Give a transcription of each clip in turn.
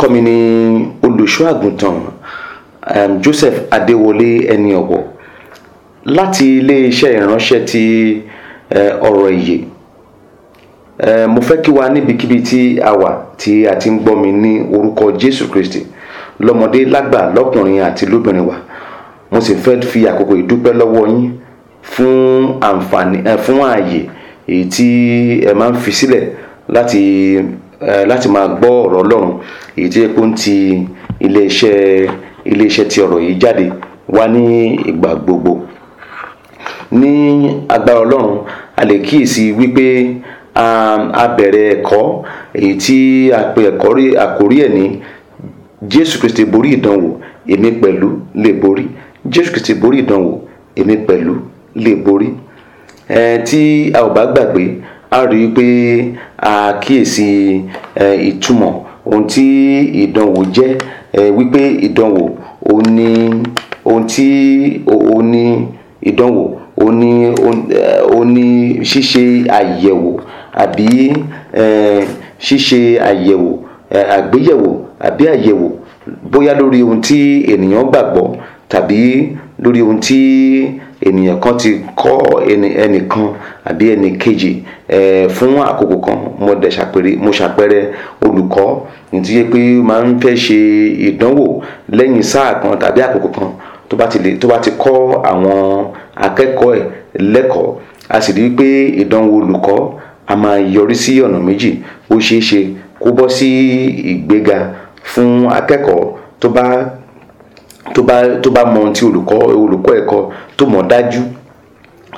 orúkọ mi ni olùṣọ́ àgùntàn um, Joseph Adéwọlé ẹni ọ̀wọ̀ láti iléeṣẹ́ ìránṣẹ́ ti eh, ọ̀rọ̀ ìyè eh, mo fẹ́ kí wa níbikíbi tí a wà tí a ti ń gbọ́ mi ní orúkọ Jésù Kristi lọ́mọdé lágbà lọ́kùnrin àti lóbìnrin wa mo sì fẹ́ fi àkókò ìdúpẹ́ lọ́wọ́ yín fún àǹfààní eh, fún ààyè èyí tí ẹ máa ń fi sílẹ̀ láti láti máa gbọ́ ọ̀rọ̀ ọlọ́run èyí tí epo ń ti iléeṣẹ́ iléeṣẹ́ ti ọ̀rọ̀ yìí jáde wá ní ìgbà gbogbo ní agbára ọlọ́run a lè kíyèsí wípé a bẹ̀rẹ̀ ẹ̀kọ́ èyí tí a pè ẹ̀kọ́ àkórí ẹ̀ ní jésù kristi borí ìdánwò èmi pẹ̀lú lè borí jésù kristi borí ìdánwò èmi pẹ̀lú lè borí ẹ̀ tí a ò bá gbàgbé a rí i pé a kíyèsí ìtumọ̀ ohun tí ìdánwò jẹ́ wípé ìdánwò ó ní ohun tí ó ní ìdánwò ó ní ó ní ṣíṣe àyẹ̀wò àbí ṣíṣe àyẹ̀wò àgbéyẹ̀wò àbí àyẹ̀wò bóyá lórí ohun tí ènìyàn gbàgbọ́ tàbí lórí ohun tí ènìyàn kan ti kọ́ ẹnìkan àbí ẹnìkejì fún àkókò kan mo dẹ̀ ṣàpẹrẹ mo ṣàpẹrẹ olùkọ́ nítorí yẹ pé máa ń fẹ́ ṣe ìdánwò lẹ́yìn sáà kan tàbí àkókò kan tó bá ti lè tó bá ti kọ́ àwọn akẹ́kọ̀ọ́ ẹ̀ lẹ́kọ̀ọ́ a sì rí pé ìdánwò olùkọ́ a máa yọrí sí ọ̀nà méjì ó ṣeé ṣe kó bọ́ sí ìgbéga fún akẹ́kọ̀ọ́ tó bá tó bá tó bá mọ ohun tí olùkọ́ olùkọ́ ẹ̀kọ́ tó mọ̀ dájú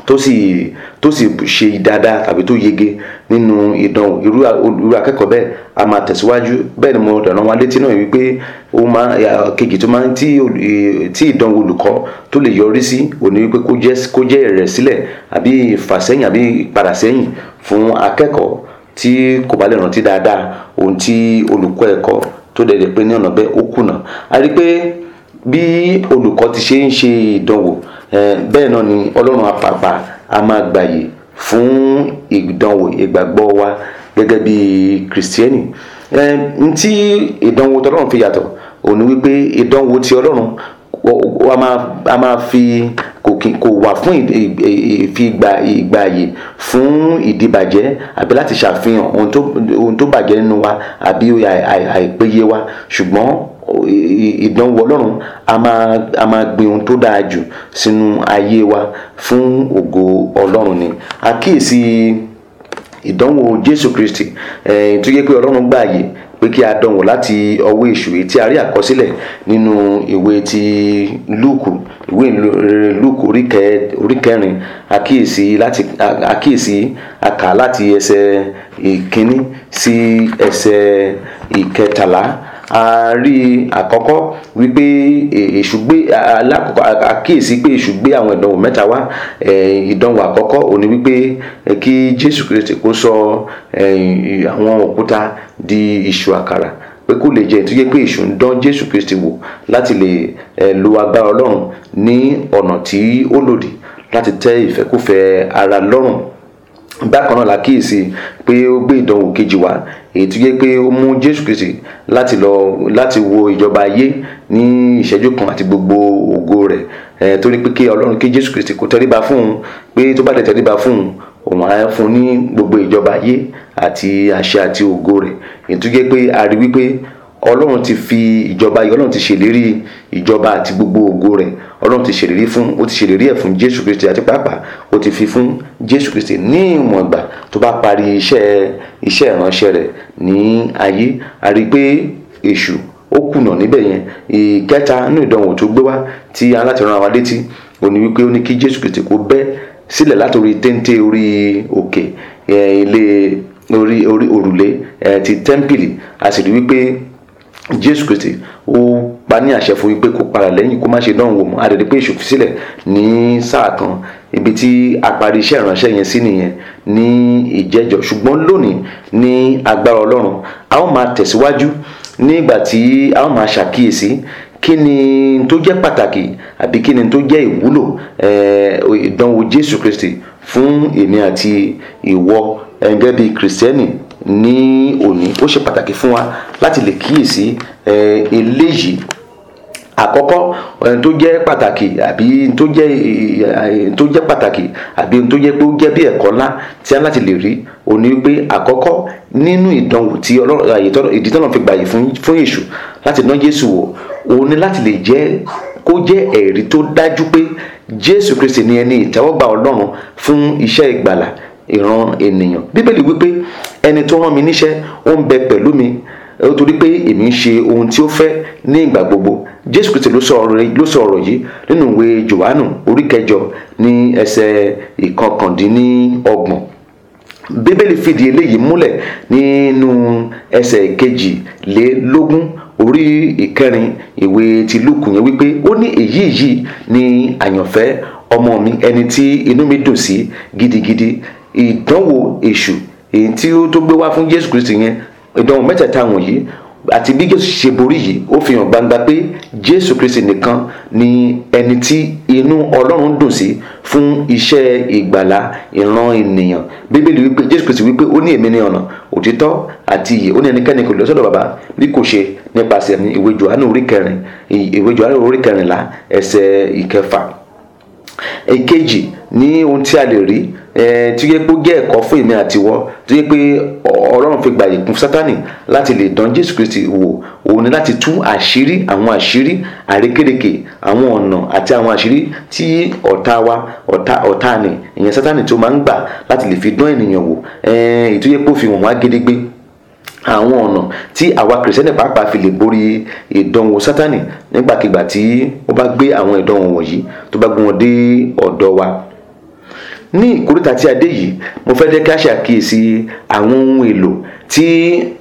tó sì tó sì ṣe dáadáa tàbí tó yege nínú ìdánwò irú irú akẹ́kọ̀ọ́ bẹ́ẹ̀ a máa tẹ̀síwájú bẹ́ẹ̀ ni mo dọ̀nà wọn létí náà wípé ó máa kejì tó máa tí tí ìdánwò olùkọ́ tó lè yọrí sí òní wípé kó jẹ́ kó jẹ́ ìrẹ̀sílẹ̀ àbí ìfàsẹ́yìn àbí ìpadà sẹ́yìn fún akẹ́kọ̀ọ́ tí kò bá lè rántí dáadáa ohun tí olùkọ́ ẹ̀kọ́ tó dẹ̀ dẹ̀ pé ní ọ̀nà bẹ́ẹ̀ ó kùnà a rí pé bí olùkọ́ ti ṣe ń ṣe ìdánwò bẹ́ẹ̀ náà ni ọlọ́run àpàpà a máa gbàyè fún ìdánwò ìgbàgbọ́ wa gẹ́gẹ́ bí kìrìsìtẹ́nì ntí ìdánwò tọ́lọ́run fi yàtọ̀ òun ni wípé ìdánwò ti ọlọ́run a máa fi kò wà fún ìfi fún ìdìbàjẹ́ àbí láti ṣàfihàn ohun tó bàjẹ́ nínú wa àbí àìpéye wa ṣùgbọ́n ìdánwò ọlọ́run a máa a máa gbin ohun tó dáa jù sínú ayé wa fún ògo ọlọ́run ni àkíyèsí ìdánwò jésù kristi ẹ̀ tó yẹ pé ọlọ́run gbààyè pé kí a dánwò láti ọwọ́ èṣù èyí tí a rí àkọsílẹ̀ nínú ìwé ti lúùkù ìwé lúùkù orí kẹrin àkíyèsí láti àkíyèsí àkà láti ẹsẹ̀ ìkíní sí ẹsẹ̀ ìkẹtàlá a rí àkọ́kọ́ wípé e, èṣù gbé àkíyèsí pé èṣù gbé àwọn ìdánwò mẹ́ta wá e, ìdánwò àkọ́kọ́ òní wípé e, kí Jésù Kristi kó sọ àwọn òkúta di ìṣù àkàrà pé kó lè jẹ tó yẹ pé èṣù ń dán Jésù Kristi wò láti lè lo agbára Ọlọ́run ní ọ̀nà tí ó lòdì láti tẹ́ ìfẹ́kùfẹ́ ara lọ́rùn bákan náà la pé ó gbé ìdánwò kejì wá èyí tó jẹ́ pé ó mú jésù kristi láti lọ láti wo ìjọba ayé ní ìṣẹ́jú kan àti gbogbo ògo rẹ̀ ẹ̀ torí pé kí ọlọ́run kí jésù kristi kó tẹríba fún un pé tó bá dẹ̀ tẹríba fún un òun á fún ní gbogbo ìjọba ayé àti àṣẹ àti ògo rẹ̀ èyí tó pé a rí wípé ọlọ́run ti fi ìjọba yìí ọlọ́run ti ṣèlérí ìjọba àti gbogbo ògo rẹ̀ ọlọ́run ti ṣèlérí fún ó ti ṣèlérí ẹ̀ fún jésù kristi àti pàápàá ó ti fi fún jésù kristi ní ìwọ̀n ìgbà tó bá parí iṣẹ́ iṣẹ́ ìránṣẹ́ rẹ̀ ní ayé a rí i pé èṣù ó kùnà níbẹ̀ yẹn ìkẹta inú ìdánwò tó gbé wá tí aláti rán wa létí ó ní wípé ó ní kí jésù kristi kó bẹ́ sílẹ̀ látòrí téńté orí òkè ilé orí òrùlé ti tẹ́ḿpìlì a sì rí wípé jésù kristi ó pa ní àṣẹ fún wípé kó padà lẹ́yìn kó má ṣe dánwò mọ́ àdèdè pé èṣù fi sílẹ̀ ní sáà kan ibi tí a parí iṣẹ́ ìránṣẹ́ yẹn sí nìyẹn ní ìjẹ́jọ́ ṣùgbọ́n lónìí ní agbára ọlọ́run a ó máa tẹ̀síwájú ní tí a ó máa ṣàkíyèsí kí ni tó jẹ́ pàtàkì àbí kí ni tó jẹ́ ìwúlò eh, ìdánwò jésù kristi fún èmi àti ìwọ eh, gẹ́gẹ́ bí kìrìsìtẹ́nì ní òní ó ṣe pàtàkì fún wa láti lè kíyèsí eléyìí àkọ́kọ́ tó jẹ́ pàtàkì àbí tó jẹ́ tó jẹ́ pàtàkì àbí tó jẹ́ pé ó jẹ́ bí ẹ̀kọ́ ńlá tí a láti lè rí òní pé àkọ́kọ́ nínú ìdánwò tí ìdí tọ́nà fi gbàyè fún èṣù láti ná Jésù wò òun ni láti lè jẹ́ kó jẹ́ ẹ̀rí tó dájú pé Jésù Kristi ni ẹni ìtẹ́wọ́gbà Ọlọ́run fún iṣẹ́ ìgbàlà ìran ènìyàn bíbélì wípé ẹni tó rán mi níṣẹ́ ó ń bẹ pẹ̀lú mi ó torí pé èmi ń ṣe ohun tí ó fẹ́ ní ìgbà gbogbo jésù kristi ló sọ ọ̀rọ̀ yìí nínú ìwé johannu orí kẹjọ ní ẹsẹ̀ ìkọkàndínlọ́gbọ̀n bíbélì fìdí eléyìí múlẹ̀ nínú ẹsẹ̀ kejìlélógún orí ìkẹrin ìwé ti lúùkù yẹn wípé ó ní èyí yìí ni àyànfẹ́ ọmọ mi ẹni tí inú mi dùn sí gidigidi ìdánwò èṣù èyí tí ó tó gbé wá fún Jésù Kristi yẹn ìdánwò mẹ́tẹ̀ẹ̀ta wọ̀nyí àti bí Jésù ṣe borí yìí ó fi hàn gbangba pé Jésù Kristi nìkan ni ẹni tí inú Ọlọ́run dùn sí fún iṣẹ́ ìgbàlá ìran ènìyàn Bíbélì wípé Jésù Kristi wípé ó ní èmi ní ọ̀nà òtítọ́ àti ìyè ó ní ẹnikẹ́ni kò lọ sọ́dọ̀ bàbá bí kò ṣe nípasẹ̀ ní ìwé Jòhánù orí kẹrin ìwé Jòhánù orí kẹrìnlá ẹsẹ̀ ìkẹfà èkejì ní ohun tí a lè rí tí yẹ pé ó jẹ́ ẹ̀kọ́ fún èmi àti ìwọ tó yẹ pé ọlọ́run fi gbàyè kún sátani láti lè dán jésù kristi wò òun ni láti tú àṣírí àwọn àṣírí àrékérekè àwọn ọ̀nà àti àwọn àṣírí tí ọ̀tá wa ọ̀tá ni ìyẹn sátani tó máa ń gbà láti lè fi dán ènìyàn wò ètò yẹ pé ó fi wọ̀n wá gédégbé àwọn ọ̀nà tí àwa kìrìsìtẹ́nì pàápàá fi lè borí ìdánwò sátani nígbàkigbà tí ó bá gbé àwọn ìdánwò wọ̀nyí tó bá gbé dé ọ̀dọ̀ wa ní ìkórìtà tí a dé yìí mo fẹ́ jẹ́ kí a ṣàkíyèsí àwọn ohun èlò tí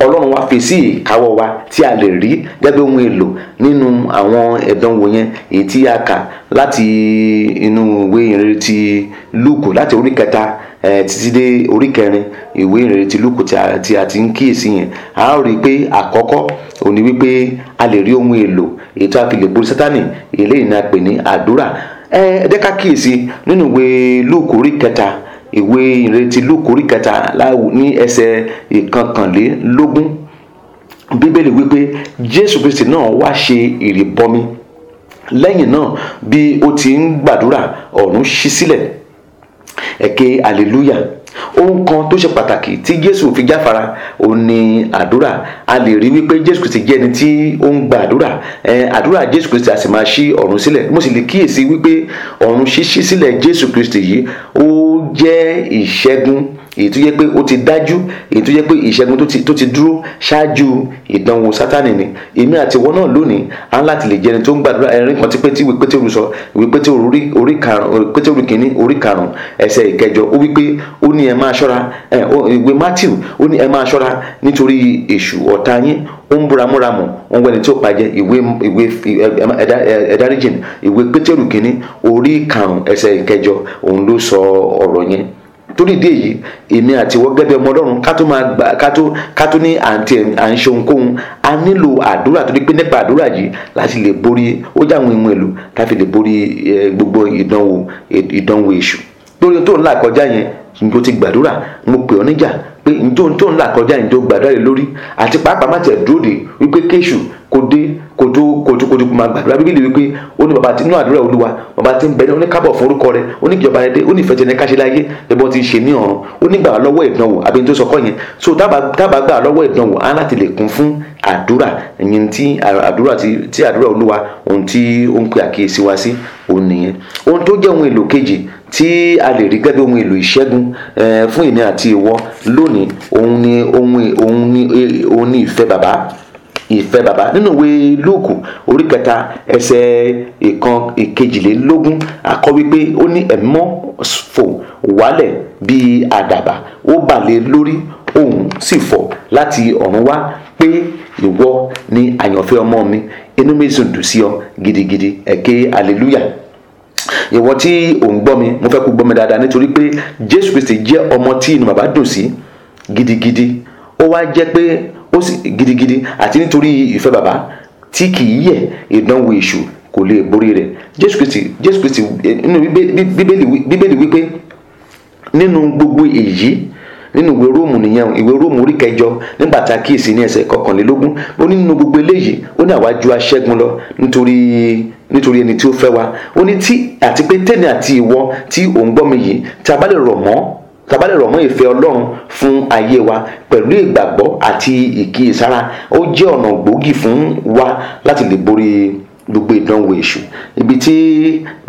ọlọ́run wa fi sí ìkáwọ́ wa tí a lè rí gẹ́gẹ́ ohun èlò nínú àwọn ẹ̀dánwò yẹn èyí tí a kà láti inú ìwé ìrere ti Lúùkù láti orí kẹta títí dé orí kẹrin ìwé ìrere ti Lúùkù tí a ti ń kíyèsí yẹn a ó rí i pé àkọ́kọ́ òní wípé a lè rí ohun èlò èyí tó a fi lè borí Sátánì eléyìí ni a pè ní àdúrà ẹ jẹ́ ká kíyèsí nínú ìwé Lúùkù orí kẹta ìwé ìrètí Lúùkù orí kẹta ní ẹsẹ̀ ìkọkànlélógún bíbélì wípé Jésù Kristi náà wá ṣe ìrìbọmi lẹ́yìn náà bí ó ti ń gbàdúrà ọ̀run ṣí sílẹ̀ ẹ̀kẹ́ hallelujah ohun kan tó ṣe pàtàkì tí jésù fi jáfara òun ni àdúrà a lè rí wípé jésù kristi jẹ́ ẹni tí ó ń gba àdúrà àdúrà jésù kristi a sì máa ṣí ọ̀run sílẹ̀ mo sì lè kíyèsí wípé ọ̀run ṣíṣí sílẹ̀ jésù kristi yìí ó jẹ́ ìṣẹ́gun èyí tó yẹ pé ó ti dájú èyí tó yẹ pé ìṣẹ́gun tó ti dúró ṣáájú ìdánwò sátánì ni èmi àti ìwọ náà lónìí á ń láti lè jẹni tó ń gbàdúrà ẹ̀rín kan tí pété ìwé pété olùsọ ìwé pété orí orí karùn pété orí kìíní orí karùn ẹsẹ̀ ìkẹjọ ó wípé ó ní ẹ máa ṣọ́ra ẹ ìwé Matthew ó ní ẹ máa ṣọ́ra nítorí èṣù ọ̀tá yín ó ń búra múra mọ̀ ó ń wẹ́ni tí ó pàjẹ́ ìwé ìwé ẹ̀dáríjìn ìwé pétérù kìíní orí karùn-ún ẹsẹ̀ ìkẹjọ òun ló sọ ọ̀rọ̀ yẹn torí ìdí èyí èmi àti ìwọ gẹ́gẹ́ ọmọ ọlọ́run ká tó máa gbà ká tó ká tó ní àǹtí à a nílò àdúrà torí pé nípa àdúrà yìí láti lè borí ó jẹ́ àwọn ohun èlò láti lè borí gbogbo ìdánwò ìdánwò èṣù lórí tó ń là kọjá yẹn njó ti gbàdúrà mo pè ọ́ níjà pé njó tó ń là kọjá yẹn njó gbàdúrà lórí àti pàápàá má tẹ̀ dúró de wípé kéṣù kó dé kó tó kó tó kó tó máa gbàdúrà bíbélì wípé ó ní bàbá tí inú àdúrà olúwa bàbá tí ń bẹ ní oníkábọ̀ fún orúkọ rẹ ó ní ìjọba rẹ dé ó ní ìfẹ̀jẹ̀ ní káṣí láyé ẹ̀bọ́n ti ṣe ní ọ̀run ó ní gbà lọ́wọ́ ìdánwò àbí tó sọkọ́ yẹn so dábàá gbà lọ́wọ́ ìdánwò á láti lè kún fún àdúrà ẹ̀yìn tí àdúrà tí àdúrà olúwa ohun tí ó ń pe àkíyèsí wa sí òun nìyẹn ohun tó jẹ́ ohun èlò kejì tí a lè rí gẹ́gẹ́ ohun èlò ìṣẹ́gun fún èmi àti ìwọ lónìí òun ni òun ni e, òun ni ìfẹ́ bàbá ìfẹ́ baba nínú ìwé lúùkù orí kẹta ẹsẹ̀ ìkan ìkejìlélógún àkọ wípé ó ní ẹ̀mọ́ fò wálẹ̀ bíi àdàbà ó bà lé lórí òun sì fọ̀ láti ọ̀run wá pé ìwọ ni àyànfẹ́ ọmọ mi inú mi sì dùn sí ọ gidigidi ẹ̀kẹ́ hallelujah ìwọ tí ò ń gbọ́ mi mo fẹ́ kó gbọ́ mi dáadáa nítorí pé jésù kristi jẹ́ ọmọ tí inú bàbá dùn sí gidigidi ó wá jẹ́ pé ó sì gidigidi àti nítorí ìfẹ́ bàbá tí kì í yẹ ìdánwò èṣù kò lè borí rẹ̀ jésù kristi jésù kristi eh, nínú bíbélì wípé nínú gbogbo èyí nínú ìwé róòmù nìyẹn ìwé róòmù orí kẹjọ nígbà tá a kíyèsí ní ẹsẹ̀ kọkànlélógún ó ní nínú gbogbo eléyìí ó ní àwa ju aṣẹ́gun lọ nítorí nítorí ẹni tí ó fẹ́ wa ó ní tí àti pé tẹ́ni àti ìwọ tí ò ń gbọ́ mi yìí tá a bá lè rọ̀ mọ́ ká bá lè rọ̀ mọ́ ìfẹ́ ọlọ́run fún ayé wa pẹ̀lú ìgbàgbọ́ àti ìkíyèsára ó jẹ́ ọ̀nà gbòógì fún wa láti lè borí gbogbo ìdánwò èṣù ibi tí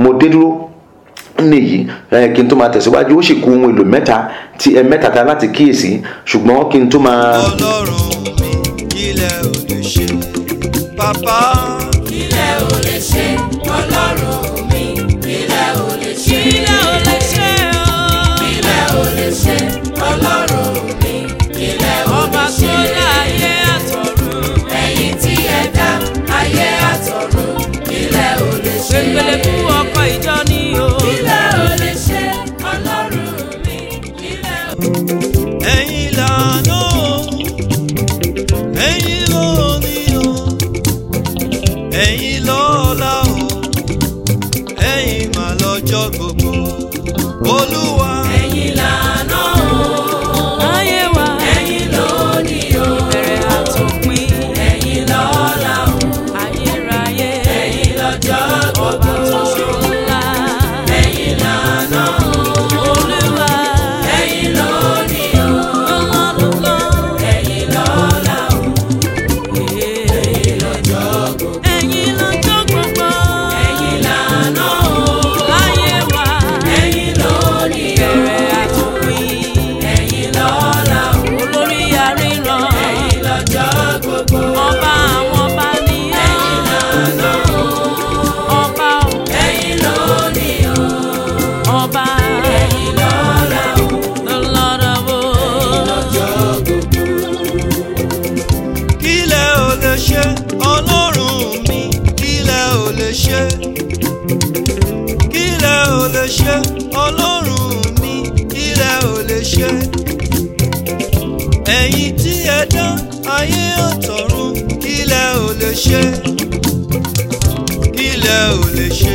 mo dé dúró nìyí kí n tó máa tẹ̀síwájú ó sì kù ohun èlò mẹ́ta ti ẹ mẹ́ta ta láti kíyèsí ṣùgbọ́n kí n tó máa. ọlọ́run mi kílẹ̀ ò lè ṣe bàbá kílẹ̀ ò lè ṣe ọlọ́run. Bele bua ṣe ọlọ́run mi ilẹ̀ ò lè ṣe. ẹ̀yin tí ẹ dán ayé ọ̀tọ̀run ilẹ̀ ò lè ṣe. ilẹ̀ ò lè ṣe.